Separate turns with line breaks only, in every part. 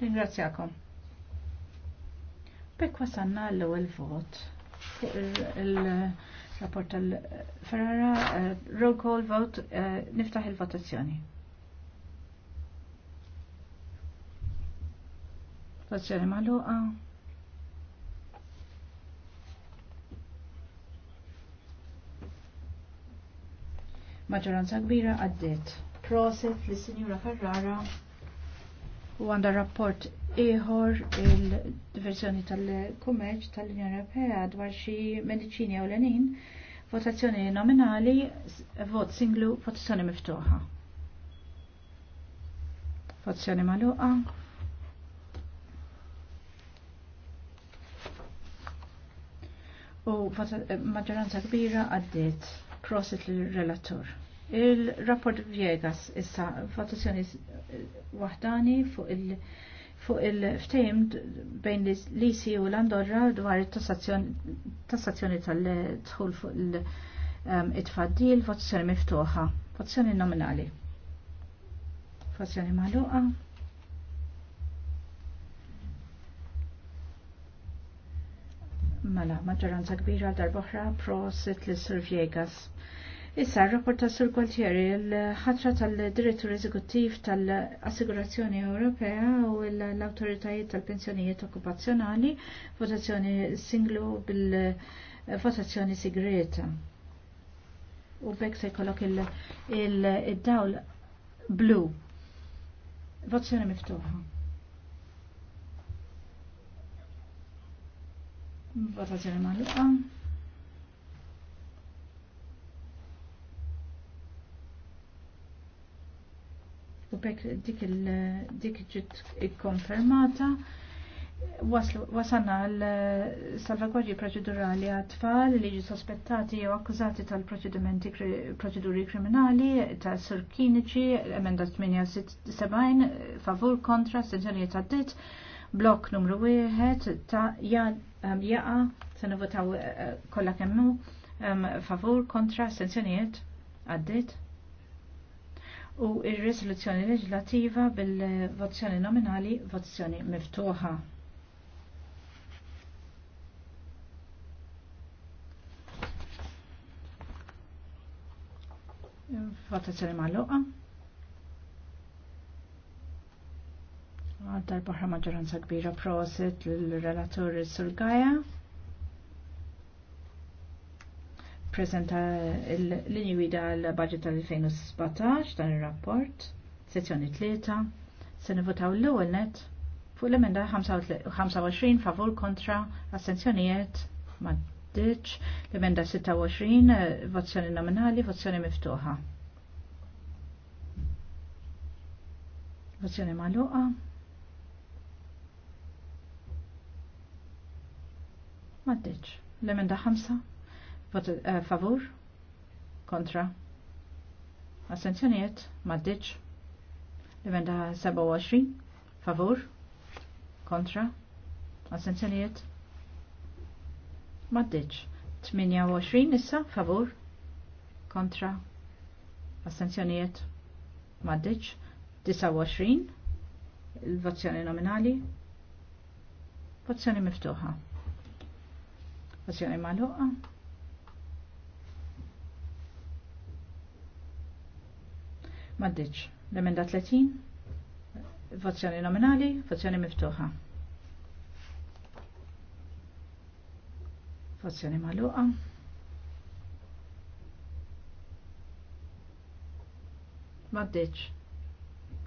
Ringrazzjakom. Bekk wasanna l-ewwel vot fuq il-rapport tal-Ferrara eh, roll call vote eh, niftaħ il-votazzjoni. Votazzjoni magħluqa. Maġoranza kbira għaddiet. Proset lis sinjura Ferrara u għanda rapport ieħor il-diverżjoni tal-kummerċ tal-Unjoni Ewropea dwar xi mediċini ewlenin, votazzjoni nominali, vot singlu, votazzjoni miftuħa. Votazzjoni magħluqa. U maġġoranza kbira għaddiet. prosit l-relatur. Il-rapport Viegas issa votazzjoni waħdani fuq il- fuq il-ftejm bejn l-ISI u l-Andorra dwar tassazzjoni tal tħul fuq il-tfaddil, ehm, votazzjoni miftuħa, votazzjoni nominali. Votazzjoni maluqa. Mela, maġġoranza kbira darboħra pro sit l-Sur Viegas. Issa, rapport ta' Sur Gualtieri, il-ħatra tal-direttur eżekuttiv tal-Assigurazzjoni Ewropea u l-autoritajiet tal-pensjonijiet okkupazzjonali, votazzjoni singlu bil-votazzjoni segreta. U bekk se jkollok il-dawl blu. Votazzjoni miftuħa. Votazzjoni magħluqa. u bekk dik dik ġiet ikkonfermata. Wasanna l-salvagwarġi eh, proċedurali għat-tfal li ġi sospettati jew akkużati tal-proċedimenti proċeduri kriminali ta' Sir Kinici, emenda 78, favur kontra, ta' dit, blok numru 1 ta' jaqa, se nivotaw eh, kollha kemmu, favur kontra, sezzjonijiet għaddit u ir-riżoluzzjoni leġislativa bil-votazzjoni nominali votazzjoni miftuħa. Votazzjoni magħluqa. Għaddar baħra maġġoranza kbira proset l-relatur Sul Gaja. prezenta l linju gwida l-budget tal-2017 dan il-rapport, sezzjoni 3, se nivotaw l-ewwel net fuq l-emenda 25 favur kontra assenzjonijiet? maddiċ, l-emenda 26 eh, vozzjoni nominali, vozzjoni miftuħa. Vozzjoni magħluqa. Maddiċ, l-emenda 5 Vot uh, favur? Kontra? Assenzjoniet? Maddiċ? Emenda 27? Favur? Kontra? Assenzjoniet? Maddiċ? 28 issa? Favur? Kontra? Assenzjoniet? Maddiċ? 29? il vozzjoni nominali? Vozzjoni miftuħa. Vozzjoni maluqa? Maddiċ. L-emenda 30. Votazzjoni nominali, votazzjoni miftuħa. Votazzjoni maluqa. Maddiċ.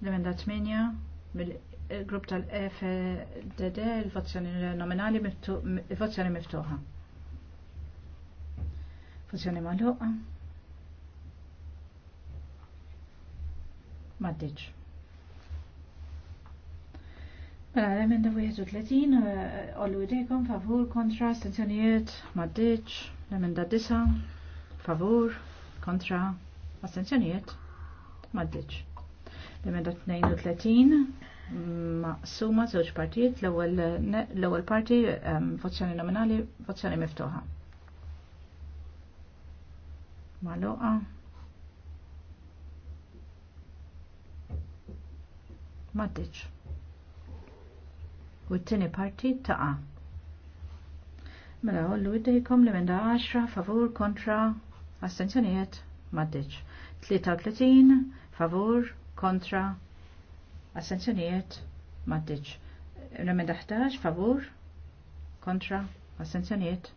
L-emenda 8 mill-grupp tal-FDD, e il-votazzjoni nominali, votazzjoni miftuħa. Votazzjoni maluqa. Maddiċ. Mela, l-emenda 31, eh, ollu dekom favur, kontra, astenzjonijiet, maddiċ, l-emenda 9, favur, kontra, astenzjonijiet, maddiċ. L-emenda 32, maqsuma żewġ partijiet, l-ewwel parti votazzjoni nominali, votazzjoni miftuħa. Maluqa. Maddiċ. U t-tini parti taqa. Mela, għollu id-dejkom li minda 10 favur kontra astenzjonijiet maddiċ. 33 favur kontra astenzjonijiet maddiċ. Remenda 11 favur kontra astenzjonijiet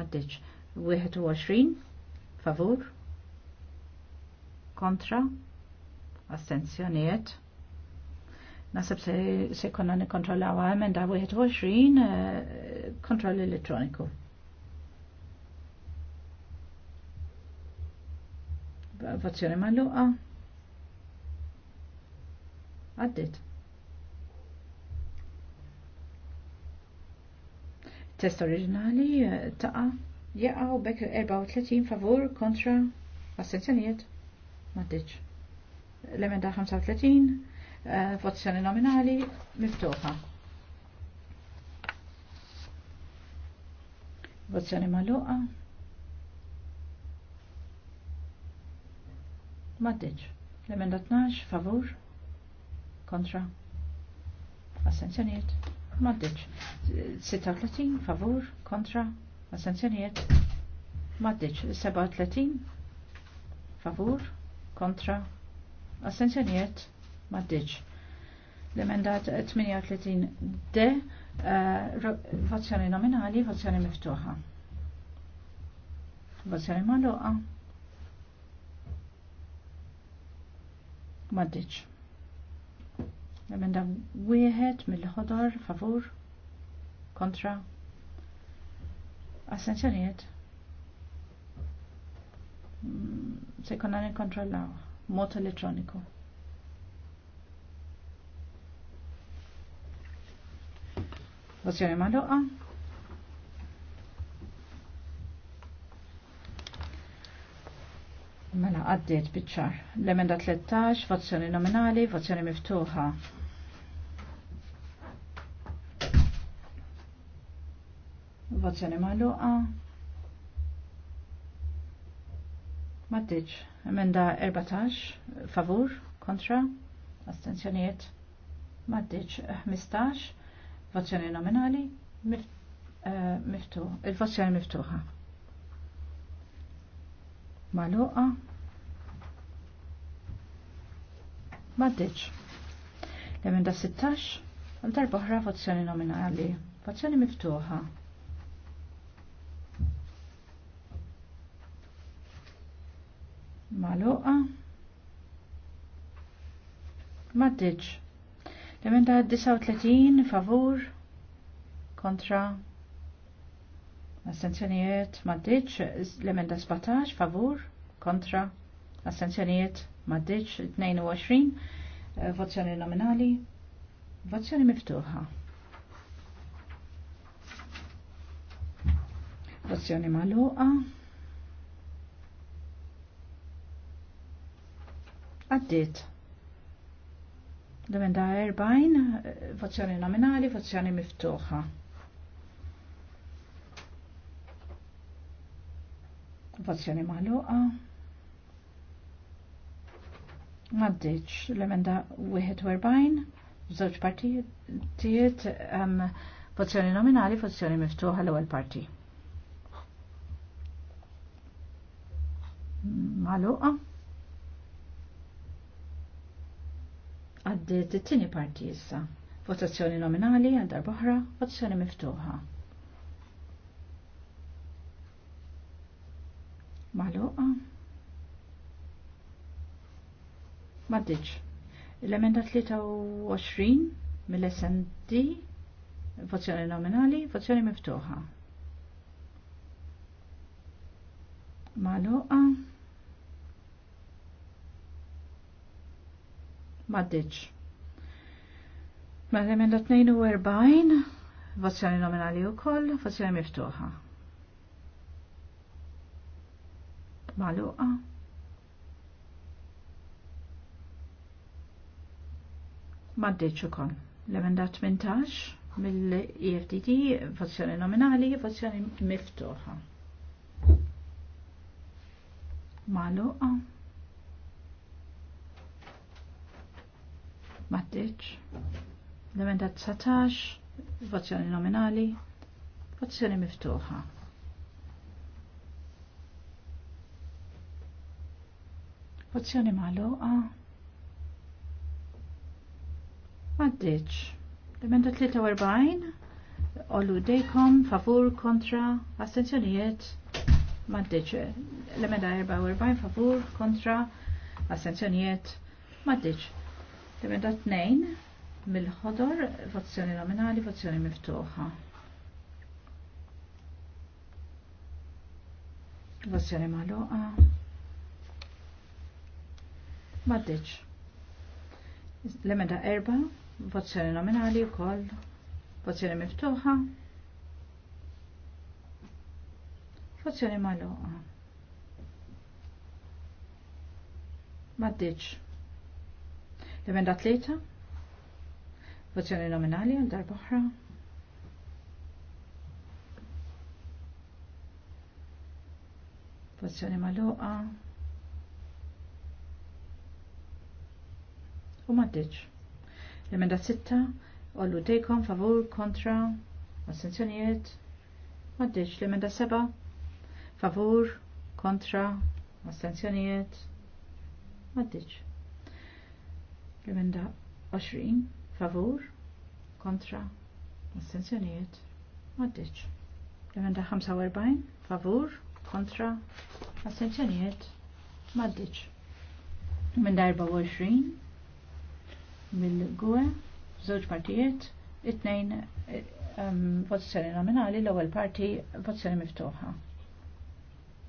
maddiċ. 21 favur kontra astenzjonijiet Nasib se se konna nikontrollaw emenda 21 eh, kontroll elettroniku. Votazzjoni luqa. Għaddit. Test oriġinali eh, taqa jaqaw bekk 34 favur kontra assenzjonijiet. Maddiċ. L-emenda 35 Eh, votazzjoni nominali miftuħa. Votazzjoni maluqa. Maddiċ. L-emenda 12, favur. Kontra. Assenzjoniet. Maddiċ. 36, favur. Kontra. Assenzjoniet. Maddiċ. 37, favur. Kontra. Assenzjoniet maddiċ. L-emenda 38 d eh, votazzjoni nominali, votazzjoni miftuħa. Votazzjoni maluqa. Maddiċ. L-emenda wieħed mill-ħodor favur kontra assenzjonijiet. Mm, se konna Moto mod Mozzjoni magħluqa. Mela għaddiet biċċar. L-emenda 13, votazzjoni nominali, votazzjoni miftuħa. Votazzjoni magħluqa. Maddiċ. Emenda 14, favur, kontra, astenzjonijiet. Maddiċ 15 Fazzjoni nominali eh, miftuħ. il fazzjoni miftuħa. Maluqa. Maddiċ. Lemenda emenda 16. Darba oħra votazzjoni nominali. Fazzjoni miftuħa. Maluqa. Maddiċ. L-emenda 39 favur kontra Assenzjonijiet maddiċ, l-emenda 17, favur, kontra, assenzjonijiet maddiċ, 22, eh, vozzjoni nominali, vozzjoni miftuħa. Vozzjoni maluqa. Għaddit. Domenda 40, votazzjoni nominali, votazzjoni miftuħa. Votazzjoni maħluqa. Maddiċ, l-emenda 41, żewġ partijiet, um, votazzjoni nominali, votazzjoni miftuħa l-ewwel parti. Maluqa. Għaddit it-tieni parti issa. Votazzjoni nominali għal boħra, votazzjoni miftuħa. Maluqa. Maddiċ. L-emenda 23 mill-SND, votazzjoni nominali, votazzjoni miftuħa. Maluqa. maddiċ. Mela emenda 42, votazzjoni nominali u koll, votazzjoni miftuħa. Maluqa. Maddiċ u koll. L-emenda 18 mill ifdd votazzjoni nominali, votazzjoni miftuħa. Maluqa. Mattiċ. L-emenda 19, votazzjoni nominali, votazzjoni miftuħa. Votazzjoni maħluqa. Mattiċ. L-emenda 43, ollu dejkom, favur, kontra, astenzjonijiet, maddiċ l-emenda 44 favur kontra assenzjonijiet maddiċ Emenda 2 mill-ħodor, votazzjoni nominali, votazzjoni miftuħa. Votazzjoni magħluqa. Maddiċ. L-emenda 4, votazzjoni nominali wkoll, votazzjoni miftuħa. Votazzjoni magħluqa. Maddiċ L-emenda tlieta. Votazzjoni nominali għal darba oħra. Votazzjoni magħluqa. U m'għaddiġ. L-emenda sitta. Ollu dejkom favur kontra assenzjonijiet. M'għaddiġ. L-emenda seba. Favur kontra assenzjonijiet. M'għaddiġ. Emenda 20 favur kontra astenzjonijiet maddiċ. Emenda 45 favur kontra astenzjonijiet maddiċ. Emenda 24 mill-gwe zoċ partijiet it-tnejn ehm, votazzjoni nominali l-ewwel parti votazzjoni miftuħa.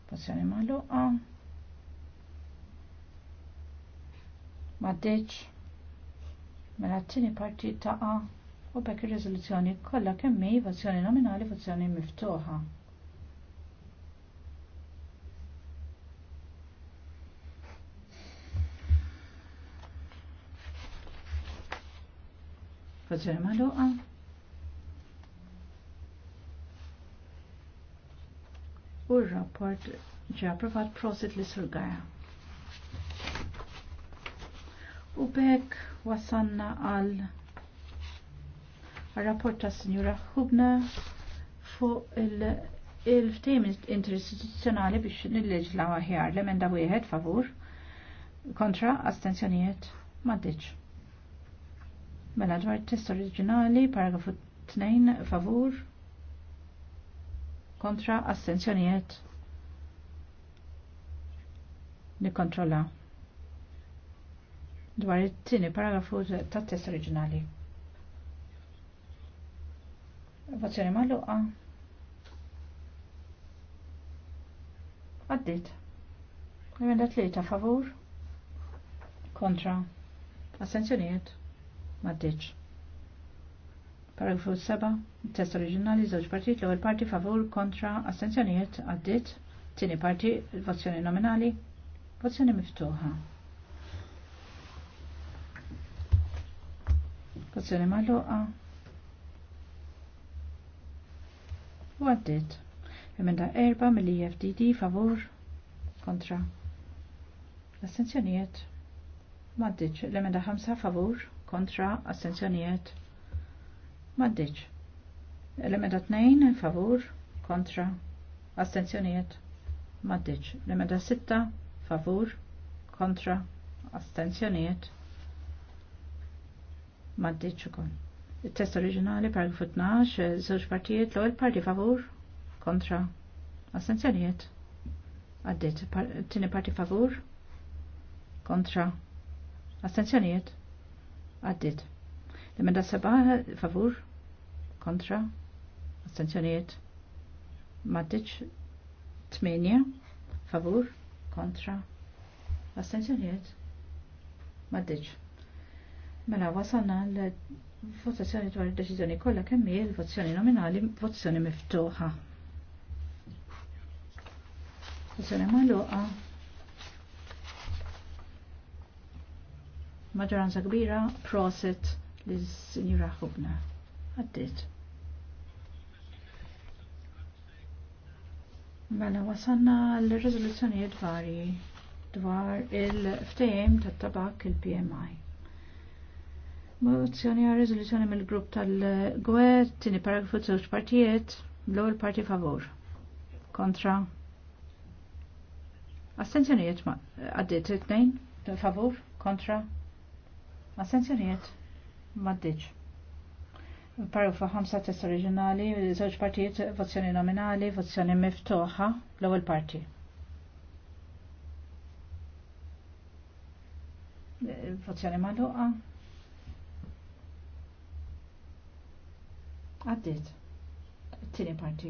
Votazzjoni magħluqa. Maddiċ. Mela t-tini parti taqa u bekk il riżoluzzjoni kollha kemm hi nominali vozzjoni miftuħa. Vozzjoni Maluqa? U r-rapport ġa approvat prosit li surgaja. U bekk wasanna għal rapport ta' Sinjura Hubna fuq il-ftejm il interistituzzjonali biex nil-leġla għahjar l-emenda wieħed favur kontra astenzjonijiet maddiċ. Mela dwar test oriġinali, paragrafu 2 favur kontra astenzjonijiet nikontrolla dwar it-tieni paragrafu tat-test oriġinali. Votazzjoni magħluqa. Għaddit. li tlieta favur. Kontra. Assenzjonijiet. Maddiċ. Paragrafu 7. Test oriġinali żewġ partit l-ewwel parti favur kontra assenzjonijiet għaddit. Tieni parti vozzjoni nominali. vozzjoni miftuħa. Votazzjoni magħluqa. U għaddit. Jemenda erba mill-IFDD favur kontra. Astenzjonijiet. Maddiċ. Lemenda ħamsa favur kontra assenzjonijiet. Maddiċ. Lemenda tnejn favur kontra astenzjonijiet. Maddiċ. L-emenda sitta favur kontra astenzjonijiet. Maddiċ ukoll. Il-test oriġinali paragrafu 12, eh, żewġ partijiet l-ewwel parti favur kontra assenzjonijiet. Għaddit tieni parti favur kontra assenzjonijiet. Għaddit. L-emenda seba' favur kontra assenzjonijiet. Maddiċ 8 favur kontra assenzjonijiet. Maddiċ. Mela wasalna l-votazzjoni dwar id-deċiżjoni kollha kemm hi l-votazzjoni nominali votazzjoni miftuħa. Votazzjoni magħluqa. Maġġoranza kbira proset li sinjura Ħubna Għaddit. Mela wasalna l-riżoluzzjonijiet varji dwar il-ftehim tat-tabak il-PMI. Mozzjoni għal rezoluzjoni mill-grupp tal-Gwer, tini paragrafu żewġ partijiet, l-ewwel parti favur. Kontra. Astenzjonijiet ma għaddiet it-tnejn, favur, kontra. Astenzjonijiet ma għaddit. Paragrafu 5 test oriġinali, żewġ partijiet, vozzjoni nominali, vozzjoni miftuħa, l-ewwel parti. Vozzjoni magħluqa, Għaddit. t Tini parti.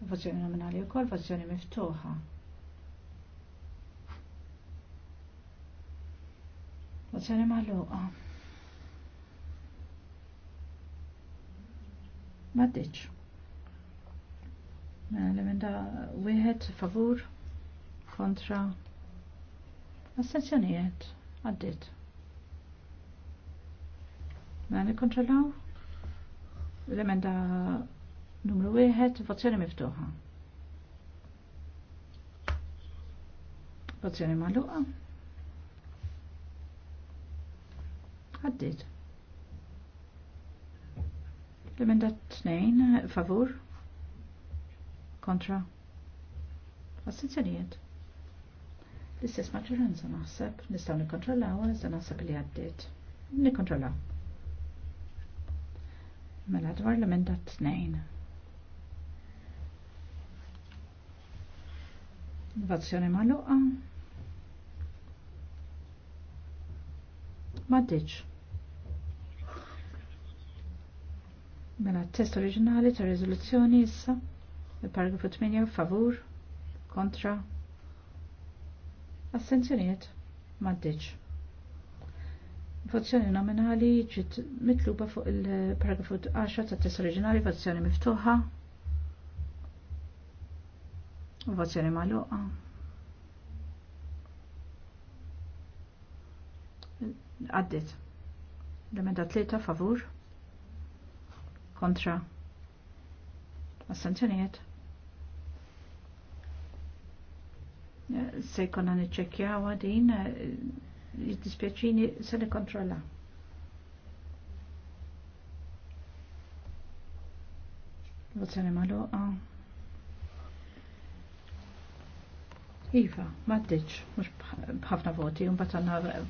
Votazzjoni nominali u kol, votazzjoni miftuħa. Votazzjoni maluqa. Maddiċ. Mela, l-emenda wieħed favur kontra l-assenzjonijiet għaddit. Ma mela, nikontrollaw? L-emenda numru 1, votazzjoni miftuħa. Votazzjoni maluqa. Għaddit. L-emenda 2, favur. Kontra. Assenzjonijiet. L-istess maġġoranza naħseb, nistaw nikontrollaw, iżda naħseb li għaddit. Nikontrollaw. Mela dwar l-emenda t-tnejn. Votazzjoni maluqa. Maddiċ. Mela test oriġinali ta' rezoluzzjoni issa. Il-paragrafu 8 favur kontra. Assenzjoniet. Maddiċ. Votazzjoni nominali ġiet mitluba fuq il-paragrafu 10 tat test oriġinali, votazzjoni miftuħa. Votazzjoni magħluqa. Għaddit. L-emenda tlieta favur. Kontra. Assenzjonijiet. Se jkollna niċċekkjawa din jittispjaċini se nikkontrolla. Votazzjoni magħluqa. Iva, ma t-teċ, mux bħafna voti, un batanna eh,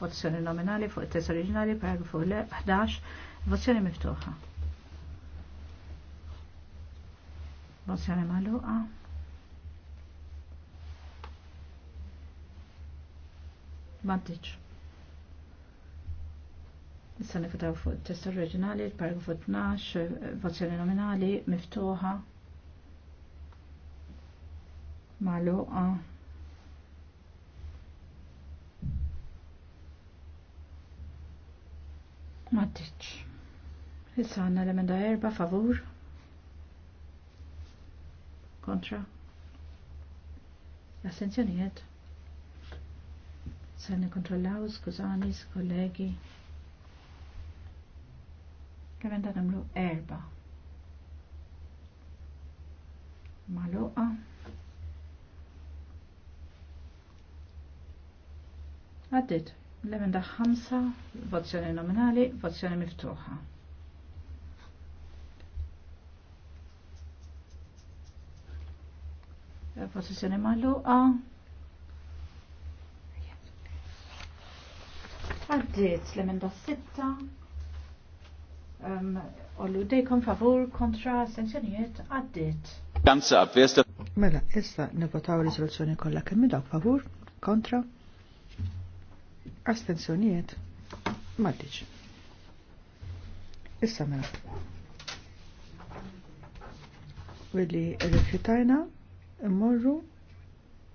votazzjoni nominali fuq il-test oriġinali, paragrafu 11, votazzjoni miftuħa. Votazzjoni maluqa. Mantiċ. Issa nifutaw fuq test oriġinali, paragrafu 12, vozzjoni nominali, miftuħa, maluqa. Mantiċ. Issa għanna l-emenda erba, favur. Kontra. L-assenzjonijiet se nikkontrollaw, skużani, kollegi. Kemm da' nagħmlu erba. Maluqa. Għaddit, l-emenda ħamsa, votazzjoni nominali, votazzjoni miftuħa. Votazzjoni maluqa. għaddiet l-emenda sitta um, Ollu dejkom favur kontra sanzjonijiet għaddit.
Kanza, fjesta. Mela, issa nivotaw risoluzzjoni kollha kemm dawk favur kontra astensjonijiet m'għaddix. Issa mela. Willi rifjutajna immorru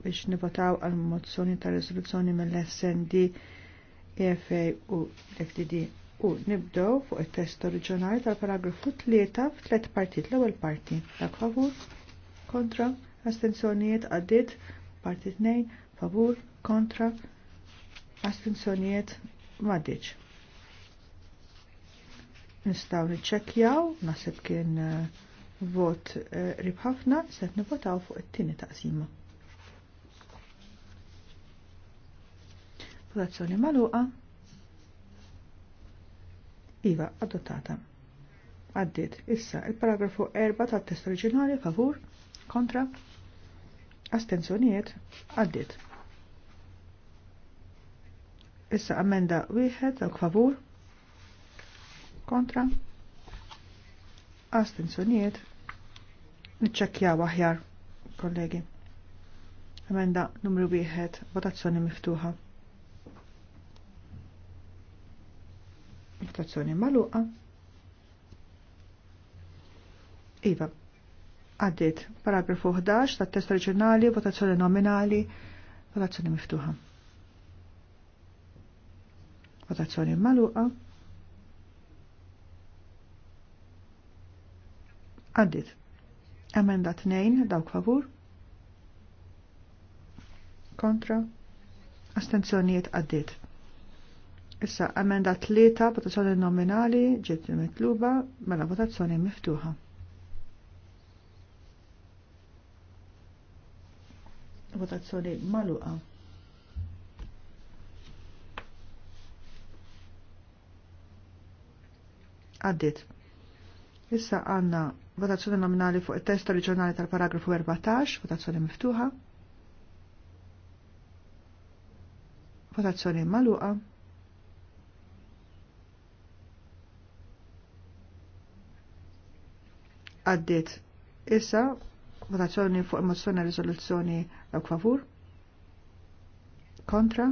biex nivotaw għal mozzjoni ta' risoluzzjoni mill-SND EFA u FDD u nibdow fuq il-test oriġinali tal-paragrafu 3 f'tlet partit l-ewwel parti. Dak favur, kontra, astenzjonijiet għaddit, parti 2, favur, kontra, astenzjonijiet m'għaddiċ. Nistgħu niċċekkjaw, naħseb kien eh, vot eh, ribħafna, se nivvotaw fuq it-tieni taqsima. votazzjoni maluqa, iva adottata. Għaddit, issa, il-paragrafu 4 tat test oriġinali, favur, kontra, astenzjonijiet, għaddit. Issa, ammenda 1, dawk favur, kontra, astenzjonijiet, Niċċekkjaw aħjar, kollegi. Ammenda numru 1, votazzjoni miftuħa. Votazzjoni maluqa. Iva. Għaddit. Paragrafu 11 tat test reġionali, votazzjoni nominali, votazzjoni miftuħa. Votazzjoni maluqa. Għaddit. Emenda 2, dawk favur. Kontra. Astenzjonijiet għaddit. Issa, emenda tlieta votazzjoni nominali ġiet mitluba mela votazzjoni miftuħa. Votazzjoni maluqa. Għaddit. Issa għanna votazzjoni nominali fuq il-test oriġinali tal-paragrafu 14, votazzjoni miftuħa. Votazzjoni maluqa. għaddit. Issa, votazzjoni fuq mozzjoni risoluzzjoni dawk favur. Kontra.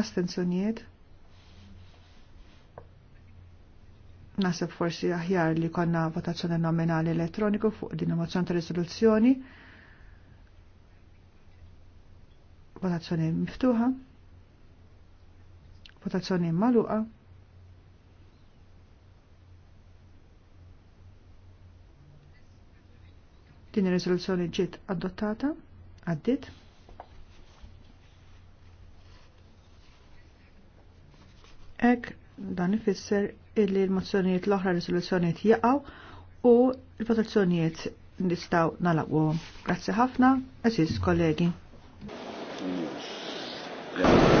Astenzjonijiet. Nasib forsi aħjar li konna votazzjoni nominali elettroniku fuq din mozzjoni ta' risoluzzjoni. Votazzjoni miftuħa. Votazzjoni maluqa. Din il riżoluzzjoni ġiet adottata, għaddit. Ek dan ifisser illi l-mozzjonijiet l-oħra rezoluzzjonijiet jaqgħu u l-votazzjonijiet nistgħu nalaqgħuhom. Grazzi ħafna, eżis kollegi. Yeah.